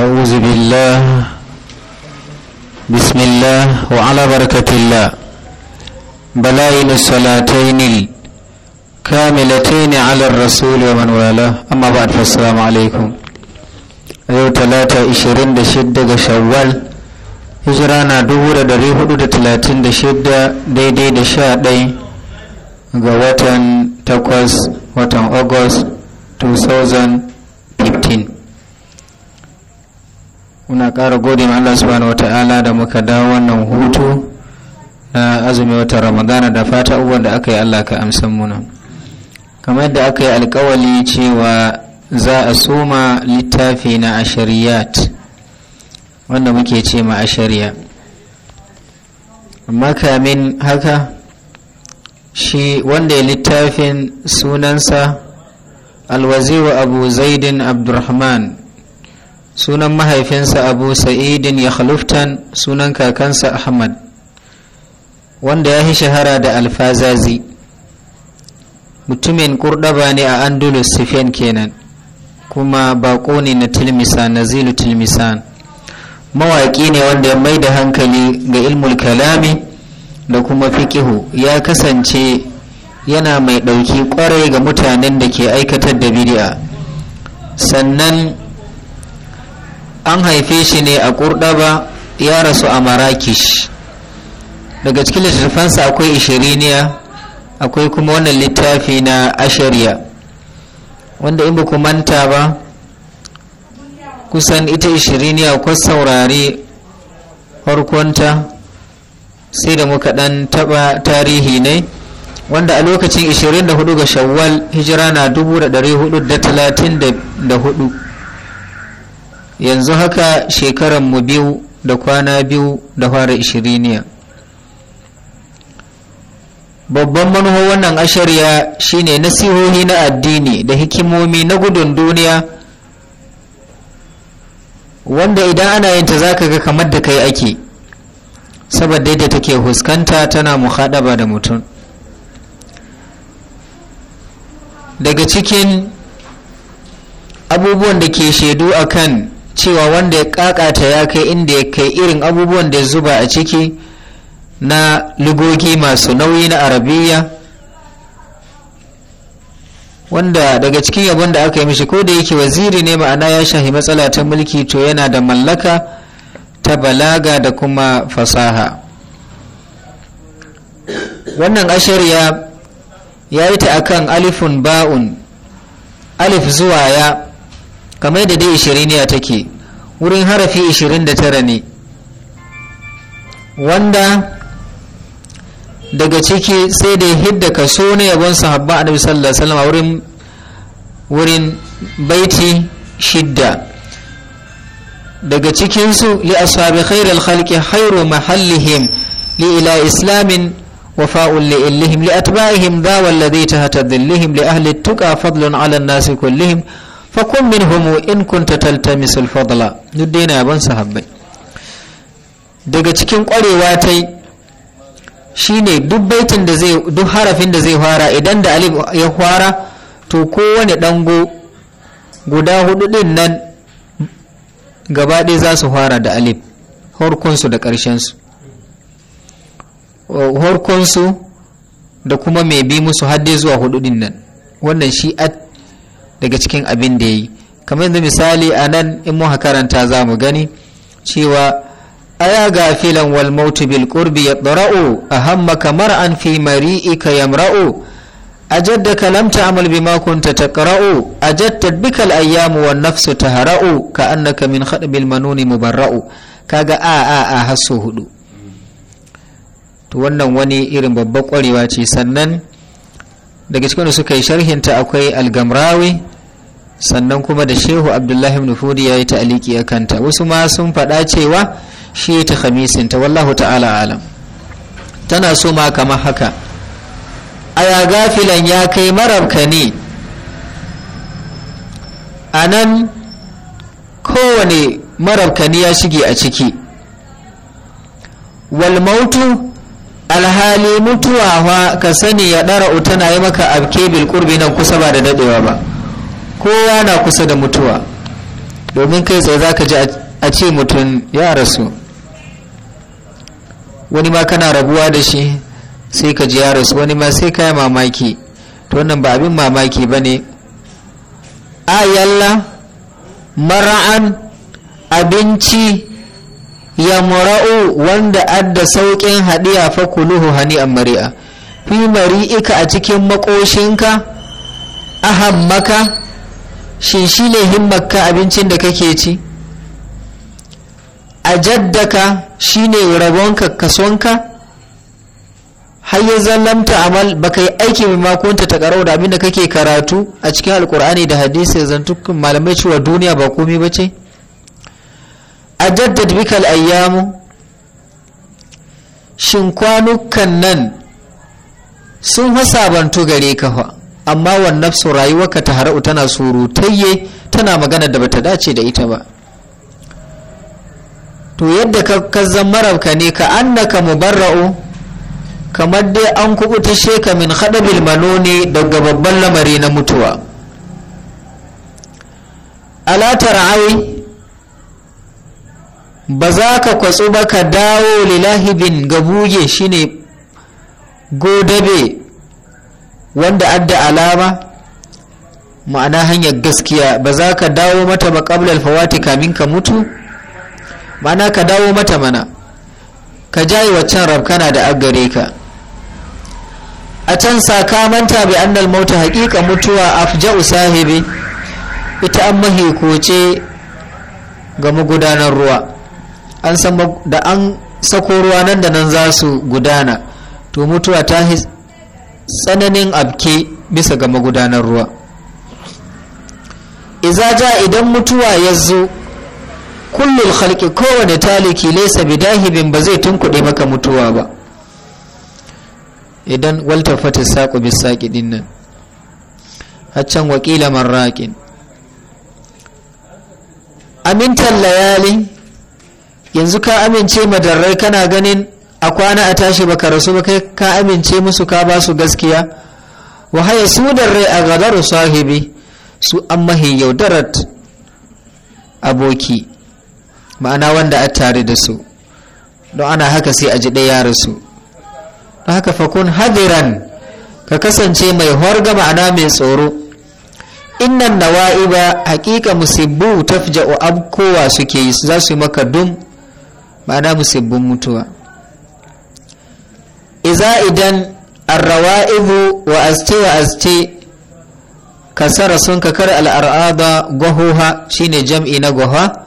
أعوذ بالله بسم الله وعلى بركة الله بلائن الصلاتين الكاملتين على الرسول ومن والاه أما بعد فالسلام عليكم yau talata 26 ga shawwal hijira na 436 daidai دي 11 ga watan 8 watan august 2000 muna ƙara gode ma Allah subhanahu wata'ala da muka dawo wannan hutu na azumi wata ramadana da fata uban da aka yi Allah ka amsan muna kamar da aka yi alkawali cewa za a soma littafi na ashariyat wanda muke ce ma ashariya amma haka shi wanda ya littafin sunansa alwaziru abu zaidin abdurrahman sunan mahaifinsa abu sa'idin ya haluftan sunan kakansa ahmad wanda ya yi shahara da alfazazi mutumin kurdaba ne a andalus sifen kenan kuma bako ne na tilmisa na zilu tilmisan mawaƙi ne wanda ya mai da hankali ga ilmul kalami da kuma fikihu ya kasance yana mai ɗauki ƙwarai ga mutanen da ke aikatar da bidi'a sannan an haife shi ne a ƙurɗaba ya rasu a marakish daga cikin littattafansa akwai ishiriniya akwai kuma wannan littafi na ashariya wanda in ba ku manta ba kusan ita ishiriniya kwas saurari farkonta sai da muka ɗan taɓa tarihi ne wanda a lokacin 24 ga shawwal hijira na 434 yanzu haka shekaran mu biyu da kwana biyu da fara ishiriniya babban manuho wannan ashariya shine nasihohi na addini da hikimomi na gudun duniya wanda idan ana yin ta zaka ga kamar da kai ake saboda yadda take huskanta tana muhadaba da mutum daga cikin abubuwan da ke shaidu akan cewa wanda ya kakata ya kai inda ya kai irin abubuwan da ya zuba a ciki na lugogi masu nauyi na arabiya wanda daga cikin yabon da aka yi mishi ko da yake waziri ne ma'ana ya shahi matsala ta mulki to yana da mallaka ta balaga da kuma fasaha wannan ashirya ya yi ta akan alifun ba'un alif zuwa ya kamar da dai 20 ne a take wurin harafi 29 ne wanda daga ciki sai da ya hidda so na yabon sahabba a nabisar da salama wurin wurin baiti shidda daga cikinsu li asabi khairar halki hairu mahallihim li ila islamin wafa'un li illihim li atba'ihim dawal ladai ta hatar dillihim li ahli tuka fadlun alan nasi kullihim fakun min homo in kunta misal alfadla duk dai na yaban sahabbai daga cikin kwarewa ta yi shine duk baitin da zai duk harafin da zai fara idan da alif ya fara to kowane dango guda hudu din nan gaba ɗaya za su fara da alif horkunsu da ƙarshensu horkunsu da kuma mai bi musu hadde zuwa hudu din nan wannan shi daga cikin abin da ya yi kamar yanzu misali a nan in muka karanta za mu gani cewa aya gafilan wal mautu bil qurbi a hamma kamar an fi a yamra'u bikal لم تعمل بما كنت تقرأ أجدت بك الأيام والنفس تهرأ bil من خطب المنون مبرأ كاغا a a a هسو hudu to wannan wani irin babbar kwarewa ce sannan daga cikin da suka yi sharhinta akwai algamrawi sannan kuma da shehu abdullahi ibn fudi ya yi ta'aliki a kanta wasu ma sun faɗa cewa shi ta khamisin ta wallahu ta'ala alam tana so ma kamar haka a ya gafilan ya kai mararka ne a nan kowane mararka ne ya shige a ciki walmautu alhali mutuwa ka sani ya ɗara'u tana yi maka abke bilkurbi nan kusa ba da daɗewa ba kowa na kusa da mutuwa domin kai tsaye za ka ji a ce mutum ya rasu wani ma kana rabuwa da shi sai ka ji ya rasu wani ma sai ka mamaki to wannan ba abin mamaki ba ne a yalla mara'an abinci ya mura'u wanda adda sauƙin haɗiya fa kuluhu a mari'a fi mari'ika a cikin makoshinka ahammaka shin shi ne himmarka abincin da kake ci a jaddaka shi ne rabonka kasonka har ya zallamta amal ba ka yi aiki mai makonta ta karau da abinda kake karatu a cikin alkur'ani da hadisi da malamai cewa duniya ba komai ba ce a jaddad bikal ayyamu shin kwanukan nan sun hasabantu gare ka fa amma wan nafsu rayuwarka ta har'u tana surutayye tana magana da bata dace da ita ba to yadda ka kazzan marabka ne ka annaka mubarra'u kamar dai an kubuta sheka min hadabil ne daga babban lamari na mutuwa alatar ai ba za ka kwatsu ba ka dawo lilahibin gabuge shine godabe wanda adda alama ma'ana hanyar gaskiya ba za ka dawo mata ba qablal fawati kamin ka mutu ma'ana ka dawo mata mana ka jayi waccan rabkana da aggare ka a can sakamanta bai annal mota haƙiƙa mutuwa ja'u sahibi ita an koce ga magudanar ruwa da an sako ruwa nan da nan za su gudana to mutuwa ta tsananin abke bisa ga magudanar ruwa iza ja idan mutuwa ya zo kullum halki kowane taliki laisa bidahibin ba zai tunkuɗe maka mutuwa ba idan walta fata saƙo bisaƙi ɗin nan haccan wakila marraƙin amintan layali yanzu ka amince madarrai kana ganin a kwana a tashi baka rasu ba kai ka amince musu ka ba su gaskiya wahaya su da rai a gadar sahibi su an mahi yaudarat aboki ma'ana wanda a tare da su don ana haka sai a ji ɗaya rasu don haka fakun hadiran ka kasance mai horga ma'ana mai tsoro innan ba hakika musibbu tafja'u abkowa suke yi za su yi maka dum ma'ana musibbin mutuwa iza idan arrawa'ibu wa azce wa ka kasara sun kakar al'ar'ada gwahoha shine jam'i na gwaha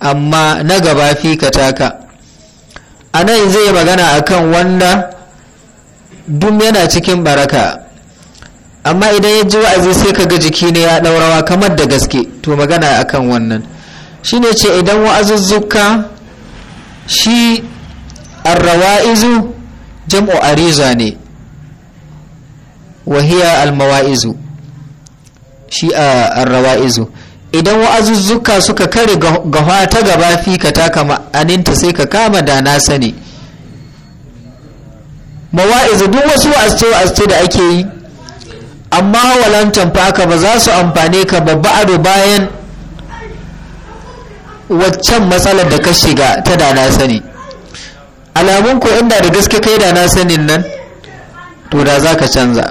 amma na gaba fi taka a nan zai magana akan wanda dum yana cikin baraka amma idan ya ji wa'azi sai kaga jiki ne ya ɗaurawa kamar da gaske to magana akan wannan shine ce idan wa'azuzzuka shi arrawa'izu jam'u ariza ne wahiya almawa'izu shi a arrawa'izu idan wa'azuzzuka suka kare gawa ta gaba fi ka taka ma'aninta sai ka kama da na sani mawa'izu duk wasu wa'azce-wa'azce da ake yi amma walantan faka ba za su amfane ka babba ado bayan waccan matsalar da ka shiga ta da na sani alamun ko inda da gaske kai da na sanin nan to da za ka canza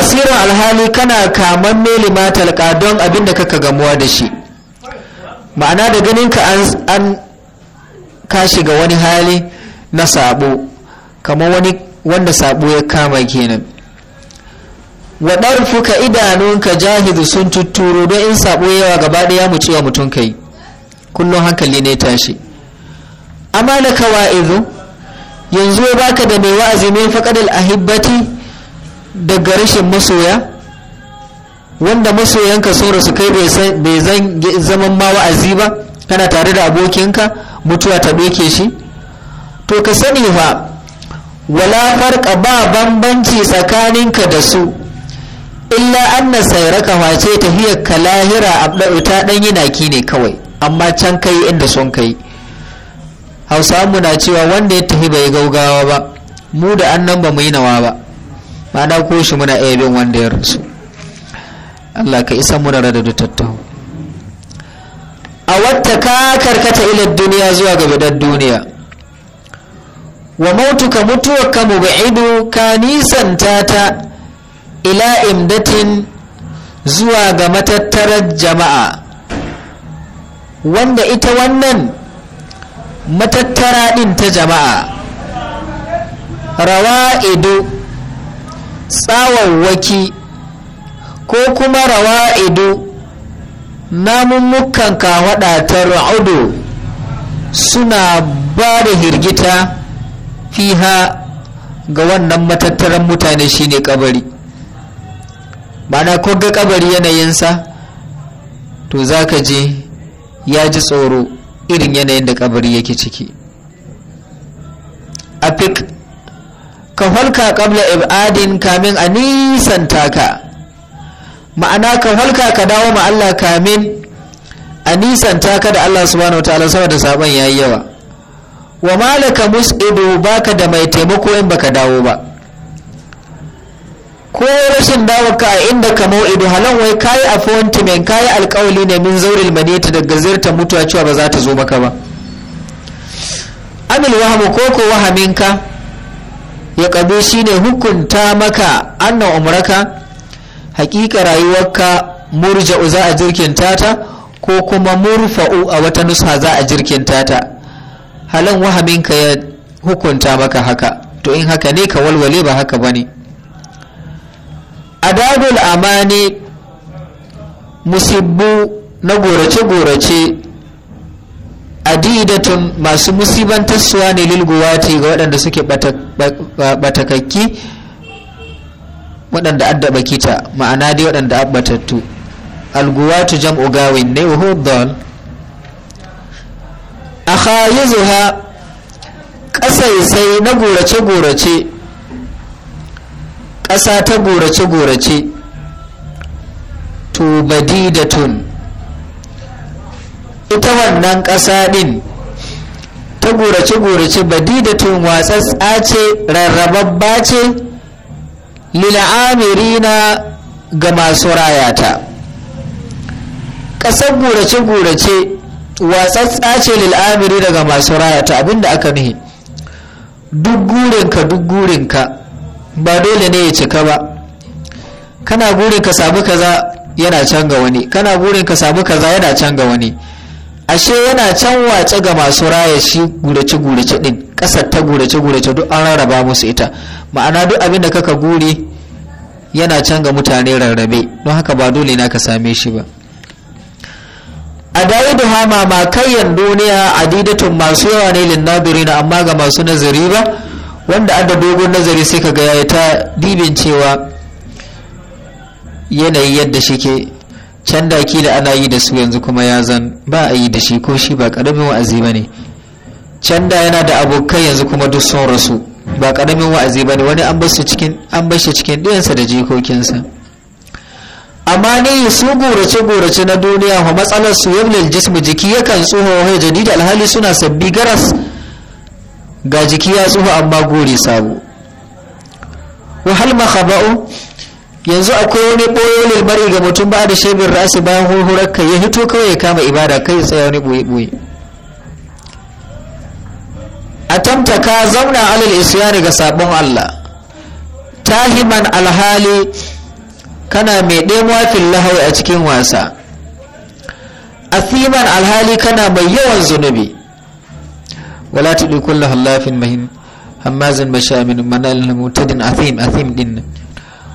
asirin alhali kana kaman melima talƙa don abin da kaka gamuwa da shi ma'ana da ganin ka an ka shiga wani hali na sabo kamar wani wanda sabo ya kama kenan waɗarfuka fuka idanunka jahidu sun tutturo don in sabo yawa gaba ɗaya mu ciwa mutum kai kullum hankali ne tashi amma da kawa'idu yanzu ya baka da mai wa'azi mai faƙadar ahibbati daga rashin masoya wanda masoyanka sun su kai bai zaman ma wa'azi ba kana tare da abokinka mutuwa ta ɗauke shi to ka sani fa wala farka ba bambanci tsakaninka da su illa anna sayraka wace tahiyar ka lahira abda'u ta dan yana ne kawai amma can kai inda son kai hausawanmu muna cewa wanda ya tafi bai gaugawa ba mu da annan ba mu yi nawa ba ma'ana ko shi muna iya bin wanda ya rasu Allah ka isa muna rada da tattahu a wata ka karkata ilar duniya zuwa ga bidar duniya wa mautuka mutuwa ka baidu ka nisanta ta ila imdatin zuwa ga matattarar jama'a wanda ita wannan matattara ɗin ta jama'a rawa ido tsawawwaki ko kuma rawa ka kawaɗa ta ra'udu suna ba da hirgita fiha ga wannan matattaran mutane shine kabari mana ko ga kabari yanayinsa to za ka je ya ji tsoro irin yanayin da kabari yake ciki a fik ka halka kabla ibadin kamin a nisan taka, ma'ana ka halka ka dawo ma Allah kamin a nisan taka da Allah subhanahu wa ta'ala saboda sabon yayi yawa wa malaka mus'ibu baka da mai taimako in baka dawo ba ko rashin dawaka a inda ka mau'idu halan wai kayi appointment kayi alkawali ne min zaurin maneta daga ziyartar mutuwa cewa ba za ta zo maka ba amil wahamu ko ko wahaminka ya kabe ne hukunta maka annan umraka hakika rayuwarka murja'u za a jirkin tata ko kuma murfa'u a wata nusa za a jirkin tata halan wahaminka ya hukunta maka haka to in haka ne ka walwale ba haka bane adabul amani musibbu na gorace-gorace adidatun masu musibantarsuwa ne lilguwati ga waɗanda suke batakakki waɗanda addaba kita ma'ana dai waɗanda abbatattu alguwatu jam'u gawin ne wa hudon a zuha ƙasaisai na gorace-gorace ƙasa ta gorace-gorace to badidatun ita wannan ƙasa ɗin ta gorace-gorace badidatun watsatsa ce rarrababba ce lil'amirina ga masu rayata ƙasar gorace-gorace watsatsa ce lil'amirina ga masu rayata abinda aka nuhi duk gurinka duk gurinka ba dole ne ya cika ba kana burin ka samu kaza yana can ga wani kana burin ka kaza yana can ga wani ashe yana can wace ga masu raya shi gurace gurace din kasar ta gurace gurace duk an rarraba musu ita ma'ana duk abin da kaka gure yana can ga mutane rarrabe don haka ba dole na ka same shi ba a dawo da hama kayan duniya adidatun masu yawa ne linnadiri amma ga masu nazari ba wanda ada dogon nazari sai kaga yayi ta dibin cewa yanayi yadda shi ke can ki da ana yi da su yanzu kuma ya zan ba a yi da shi ko shi ba karamin wa'azi ba ne can da yana da abokai yanzu kuma duk sun rasu ba karamin wa'azi ba ne wani an bashi cikin an cikin ɗayansa da jikokinsa amma ne su gorace gorace na duniya wa matsalar su yamlil jismu jiki yakan tsoho wa jadid alhali suna sabbi garas ga jiki ya tsuhu amma gori sabo wahal makhaba'u yanzu akwai wani boyo lilmari ga mutum ba da shebin rasu bayan hurhurar ka ya hito kawai ya kama ibada kai tsaya wani boye boye atamta ka zauna alal isyani ga sabon Allah tahiman alhali kana mai ɗemuwa fil lahawi a cikin wasa asiman alhali kana mai yawan zunubi wala tuɗi kulla hallafin mahin hammazin mashamin manal mutadin athim athim din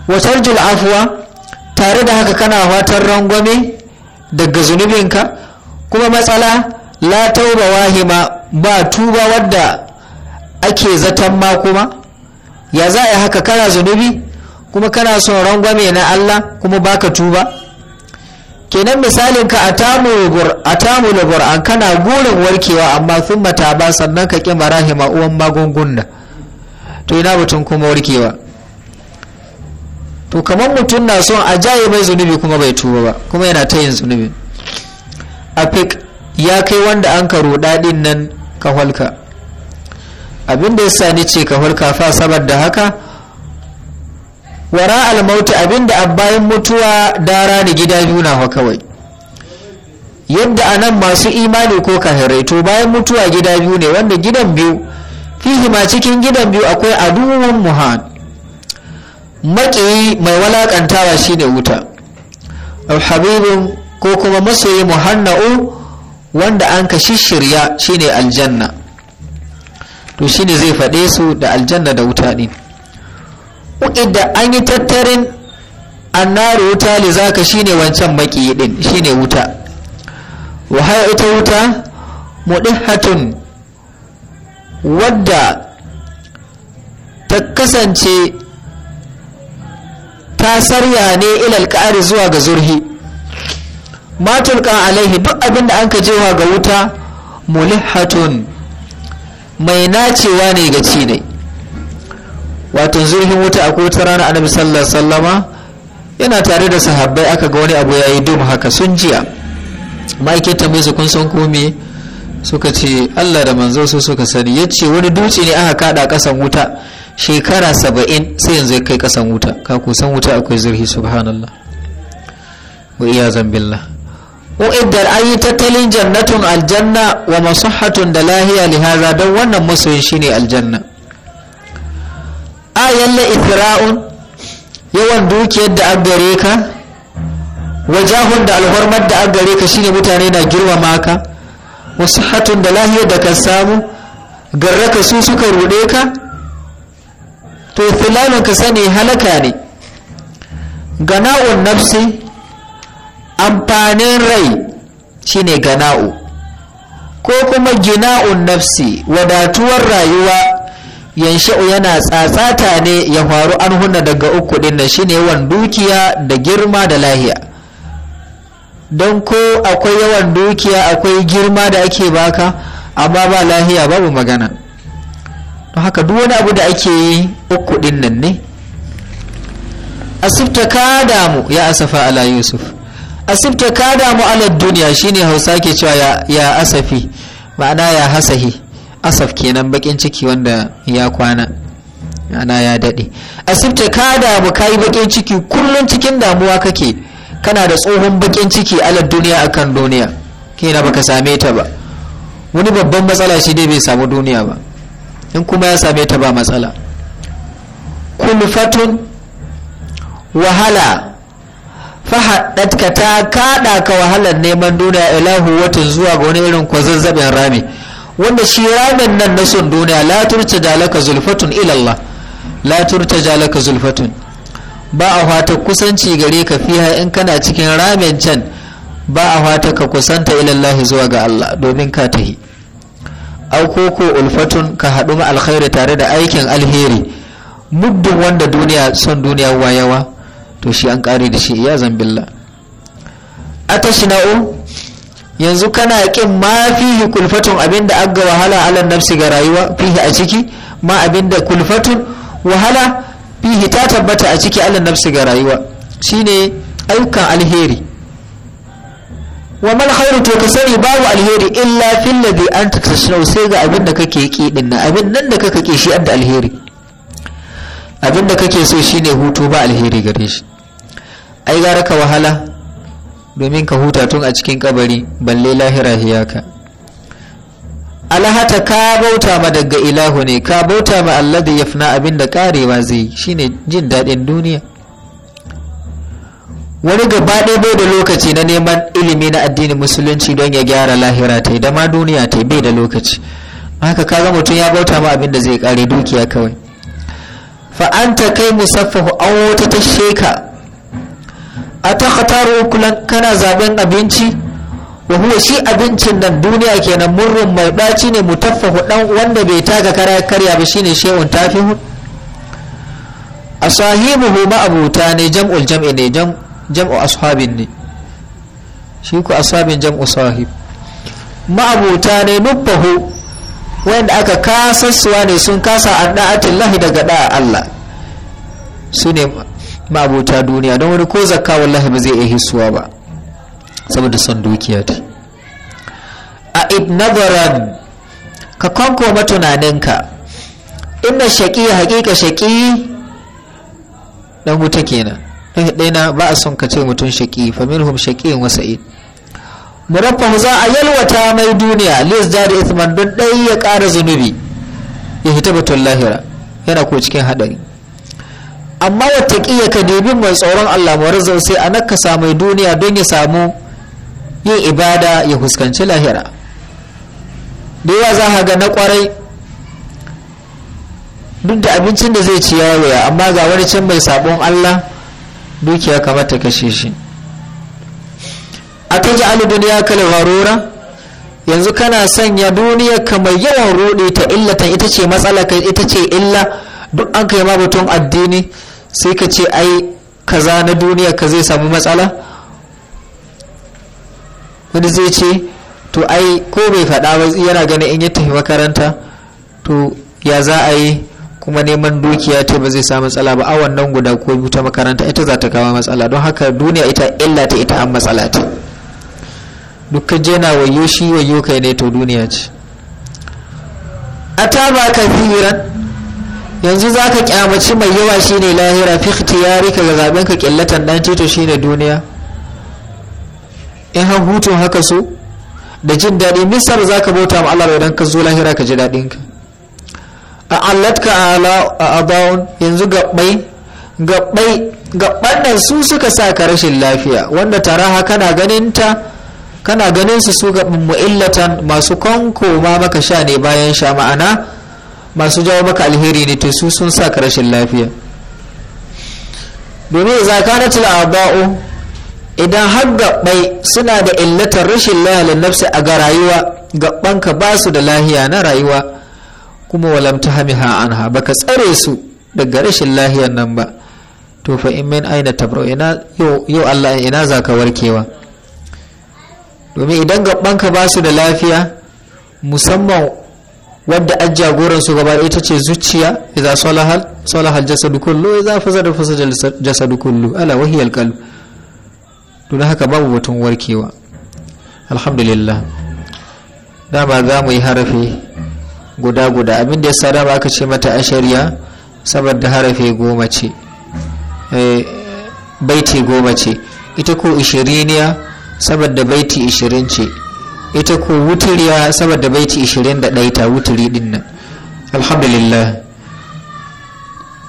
watar jul afuwa tare da haka kana watan rangwame daga zunubin ka kuma matsala la tauba wahima ba tuba wadda ake zaton ma kuma ya za ayi haka kana zunubi kuma kana son rangwame na Allah kuma baka tuba kenan misalin ka a tamu labur an kana gurin warkewa amma sun mata ba sannan ka ƙi marahima uwan magunguna to ina mutum kuma warkewa to kamar mutum na son a jaye mai zunubi kuma bai tuba ba kuma yana ta yin zunubi a fik ya kai wanda an karo ruɗaɗin nan ka halka abin da ya sani ce ka halka fa saboda haka wara almauta abinda bayan mutuwa dara da gida biyu na kawai yadda a nan masu imani ko kahirai to bayan mutuwa gida biyu ne wanda gidan biyu fihi ma cikin gidan biyu akwai aduwan muhan maƙiyi mai walakantawa shine wuta habibin ko kuma masoyi muhanna'u wanda an ka shishirya shine aljanna to shine zai faɗe su da aljanna da wuta ne. u'idda an yi tattarin annaru wuta li zaka shine wancan maki din shine wuta wa haya ita wuta mudihatun wadda ta kasance ta sarya ne ilal ƙari zuwa ga zurhi matulka alaihi duk abin da an ka jewa ga wuta mulihatun mai nacewa ne ga ci ne wato zurfin wuta a wata rana annabi sallallahu sallama yana tare da sahabbai aka ga wani abu ya yi dum haka sun jiya ma'aikin tambaye su kun san ko suka ce Allah da manzo su suka sani ya ce wani dutse ne aka kada kasan wuta shekara saba'in sai yanzu ya kai kasan wuta ka kusan wuta akwai zurfi subhanallah wa iyazan billah u'iddar ayi tattalin jannatun aljanna wa masahhatun da lahiya lihaza don wannan masoyin shine aljanna a yalla ifiraun yawan dukiyar da an gare ka wajahun da alhormar da an gare ka shine mutane na girmama ka wasu hatun da lahiyar da ka samu garraka su suka rude ka to filanin ka sani halaka ne gana'un nafsi amfanin rai shine gana'u ko kuma gina'un nafsi wadatuwar rayuwa yansha'u yana tsatsata ne ya faru an hunna daga uku din nan shine yawan dukiya da girma da lahiya don ko akwai yawan dukiya akwai girma da ake baka amma ba lahiya babu magana don haka duk wani abu da ake yi uku din nan ne asibta ka damu ya asafa ala yusuf asibta ka damu ala duniya shine hausa ke cewa ya asafi ma'ana ya hasahi asaf kenan bakin ciki wanda ya kwana ana ya daɗe asibta ka damu ka yi bakin ciki kullum cikin damuwa kake kana da tsohon bakin ciki alar duniya akan duniya kina baka same ta ba wani babban matsala shi dai bai samu duniya ba in kuma ya same ta ba matsala kulfatun wahala ka ta kaɗa ka wahalar neman duniya ilahu watan zuwa ga wani irin kwazazzabin rami wanda shi ranar nan na son duniya la turtaja jalaka zulfatun ilallah la turtaja jalaka zulfatun ba a fata kusanci gare ka fiha in kana cikin ramen can ba a fata ka kusanta ilallahi zuwa ga Allah domin ka tahi auko ko ulfatun ka haɗu ma alkhairi tare da aikin alheri muddin wanda duniya son duniya wayawa to shi an ƙare da shi iya zambilla atashina'u yanzu kana kin ma fihi kulfatun abinda aga wahala ala nafsi ga rayuwa fihi a ciki ma abinda kulfatun wahala fihi ta tabbata a ciki ala nafsi ga rayuwa shine aukan alheri wa mal khairu to ka sani babu alheri illa fil ladhi anta tashnau sai ga abinda kake ki din nan abin nan da kake shi abda alheri abinda kake so shine hutu ba alheri gare shi ai gara ka wahala domin ka huta tun a cikin kabari balle lahira ka alhata ka bauta ma daga ilahu ne ka bauta ma Allah da yafna abin da karewa zai shine jin daɗin duniya wani gaba ɗaya bai da lokaci na neman ilimi na addini musulunci don ya gyara lahira ta yi ma duniya ta bai da lokaci haka kaga mutum ya bauta ma abin da zai kare dukiya kawai fa'anta kai musaffahu an wata ta sheka a ta kana zaben abinci wa huwa shi abincin nan duniya kenan murrin mai daci ne mutaffahu dan wanda bai taka kara karya ba shine shehun tafihu a sahibuhu ma'abuta ne jam'ul jam'i ne jam'u ashabin ne shi ku ashabin jam'u sahib ma'abuta ne nubbahu wanda aka kasassuwa ne sun kasa an lahi daga da'a Allah su ne ma'abota duniya don wani ko zakka wallahi ba zai iya hisuwa ba saboda son dukiya ta a ibnabaran ka kanko tunaninka inda shaƙi haƙiƙa shaƙi dan wuta kenan ɗaya ba a son ka ce mutum shaƙi hum shaƙi wa sa'id muraffahu za a yalwata mai duniya lis da isman don ɗaya ya ƙara zunubi ya hita batun lahira yana ko cikin haɗari amma wattaƙiya ka debi mai tsoron Allah marazau sai a nakasa mai duniya don ya samu yin ibada ya fuskanci lahira da yawa za ga na kwarai duk da abincin da zai ci ya waya amma ga wani can mai sabon Allah dukiya kamata kashe shi a ta ji duniya kala warora yanzu kana sanya duniya kamar yawan rode ta illatan ita ce matsala ita ce illa duk an kai mabutun addini sai ka ce ai kaza na duniya ka zai samu matsala wani zai ce to ai ko bai faɗa ba yana ganin in ya tafi makaranta to ya za a yi kuma neman dukiya ta ba zai sa matsala ba a wannan guda ko ta makaranta ita za ta kawo matsala don haka duniya ita illa ta ita an matsala ta dukkan jena wayo shi wayo kai ne to duniya ce a ataba kathiran yanzu za ka kyamaci mai yawa shine lahira fi tiyari ka zaben ka kyallatan dan tito ne duniya in han hutun haka so da jin daɗi misar za ka bauta ma Allah don ka zo lahira ka ji daɗinka. ka a allatka a abawon yanzu gabbai nan su suka sa ka rashin lafiya wanda taraha kana ganin ta kana ganin su su gaɓin mu'illatan masu kanko ma maka sha ne bayan sha ma'ana masu jawo maka alheri ne to su sun sa ka rashin lafiya domin zakanatul aba'u idan har gabbai suna da illatar rashin layalin nafsi a ga rayuwa gabbanka ba su da lahiya na rayuwa kuma walamta ta ha anha baka tsare su daga rashin lahiyar nan ba to fa in min aina ina yau Allah ina zaka warkewa domin idan gabbanka ba su da lafiya musamman wadda an jagoran su gaba ita ce zuciya idza salahal salahal jasadu kullu idza fasada fasada jasadu kullu ala wahiya alqalb don haka babu batun warkewa alhamdulillah da ba za mu yi harafi guda guda abin da yasa ba aka ce mata ashariya saboda harafi goma ce eh, baiti goma ce ita ko ishiriniya saboda baiti ishirin ce ita ko wuturiya saboda baiti 21 ta wuturi din nan alhamdulillah